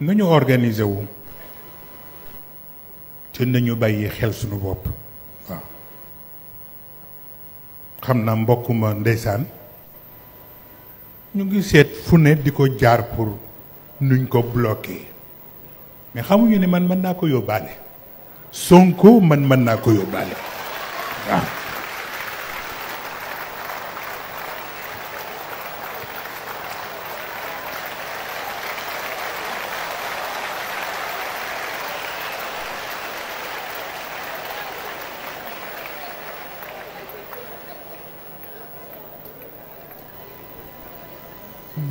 nu ñu organiser wu te nañu bàyyi xel suñu bopp waaw xam naa mbokkuma ndeysaan ñu ngi seet fu ne di ko jaar pour nuñ ko bloqué mais xamuñu ni man mën naa ko yóbbaale Sonko man mën naa ko yóbbaale waaw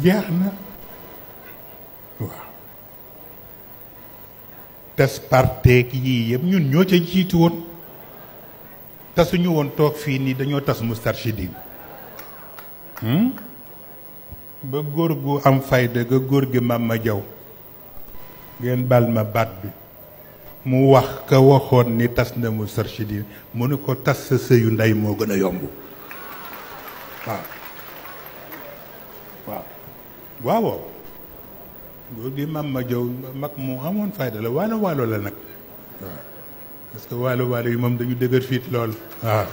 jeex na waaw tas parteeg yii yëpp ñun ñoo ca jiitu woon tasuñu woon toog fii nii dañoo tas Moustarchidine hmm? ba góor gu am fayda ga góor gi Mama Jaw ngeen bal ma baat bi mu wax ka waxoon ni tas na Moustarchidine mu ne ko tas sa sëyu ndey moo gën a yomb waaw waaw góor gi maam ma jow mag mu amoon fayda la waalo waalo la nag waaw parce que waalo waalo yi moom dañu dëgër fiit lool waaw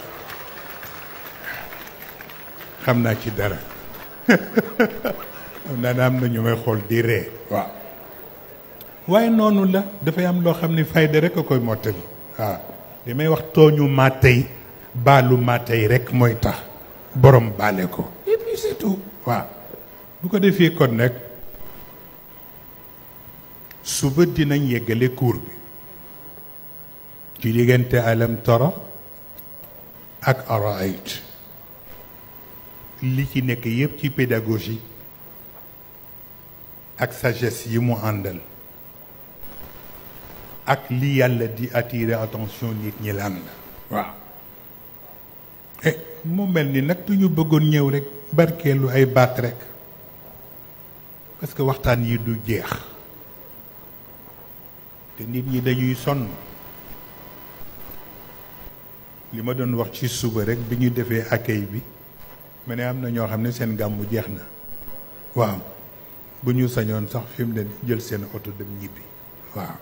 xam naa ci dara xam naa am na may xool di ree waaw waaye noonu la dafay am loo xam ne fayda rek a koy mottali waaw li may wax tooñu maa tey baalu maa rek mooy tax borom baale ko et puis c'est tout bu ko defee kon nag suba dinañ yeggale cours bi ci diggante alam toro ak araayit li ci nekk yépp ci pédagogie ak sages yi mu àndal ak li yàlla di attirer attention nit ñi lan la waaw eh, mu mel ni nag du ñu bëggoon ñëw rek barkeelu ay baat rek parce que waxtaan yi du jeex te nit ñi dañuy sonn li ma doon wax ci suba rek bi ñu defee accueil bi ma ne am na ñoo xam ne seen gàmmu jeex na waaw bu ñu sañoon sax fi mu ne jël seen oto dem ñibbi waaw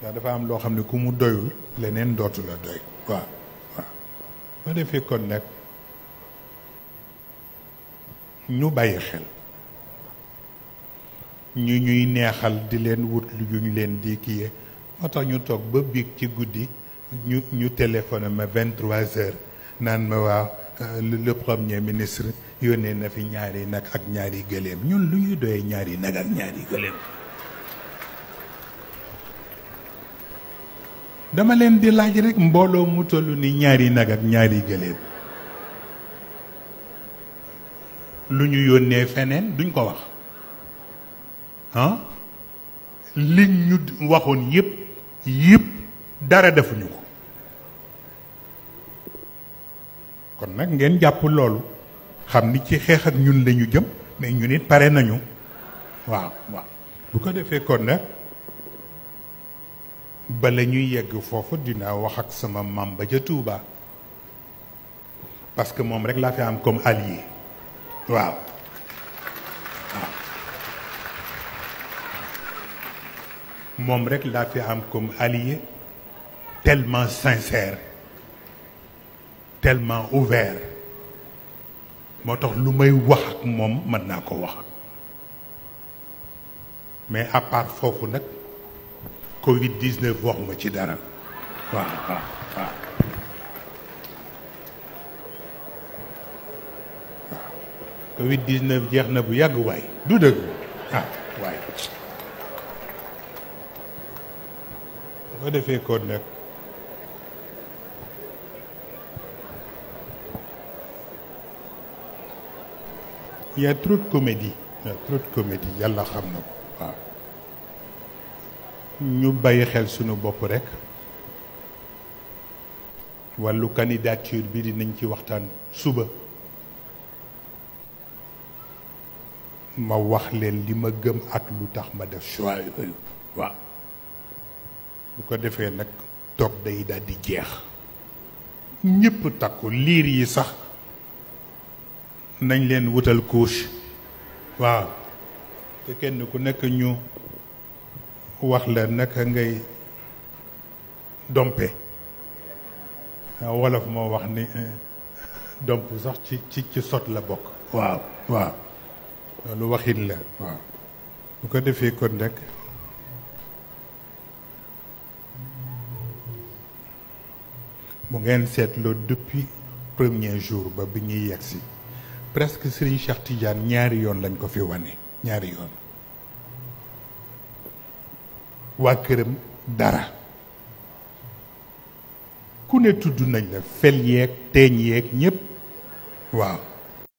ndax dafa am loo xam ne ku mu doyul leneen dootu la doy waaw waaw ma defee kon nag ñu bàyyi xel ñu ñuy neexal di leen wut lu ñu leen di kiiyee moo tax ñu toog ba biig ci guddi ñu ñu téléphoné ma vingt trois naan ma waaw euh, lu premier ministre yónnee na fi ñaari nag ak ñaari gëléem ñun lu ñuy doyee ñaari dama leen di laaj mbooloo mu toll ni ñaari nag ak ñaari gëléem lu ñu yónnee feneen duñ ko wax ah liñ ñu waxoon yëpp yépp dara defuñu ko kon nag ngeen jàpp loolu xam ni ci xeex ak ñun la jëm mais ñu it pare nañu waaw waaw bu ko defee kon nag bala ñuy yegg foofu dinaa wax ak sama maam ba ca Touba parce que moom rek laa fi am comme allié waaw. moom rek laa fi am comme allié tellement sincère tellement ouvert moo tax lu may wax ak moom mën naa ko wax mais à part foofu nag Covid 19 waxuma ci dara waaw waaw Covid 19 jeex na bu yàgg waay du dëgg ah waay. boo defee code nag il y a trop de comédie il y comédie yàlla xam na ko ñu bàyyi xel sunu bopp rekk wàllu candidature bi dinañ ci waxtaan suba ma wax leen li ma gëm ak lu tax ma def choix waaw bu ko defee nag toog day daal di jeex ñépp takku liir yi sax nañ leen wutal couche waaw te kenn ku nekk ñu wax la naka ngay dompe wolof moo wax ni eh, domp sax ci ci ci sot la bokk waaw waaw loolu waxin la waaw bu ko defee kon rek mu ngeen seetloo depuis premier jour ba bi ñuy yegg si presque Serigne Cheikh Tidiane ñaari yoon lañ ko fi wane ñaari yoon waa këram dara ku ne tudd nañ la fel yeeg teeñ yeeg ñëpp waaw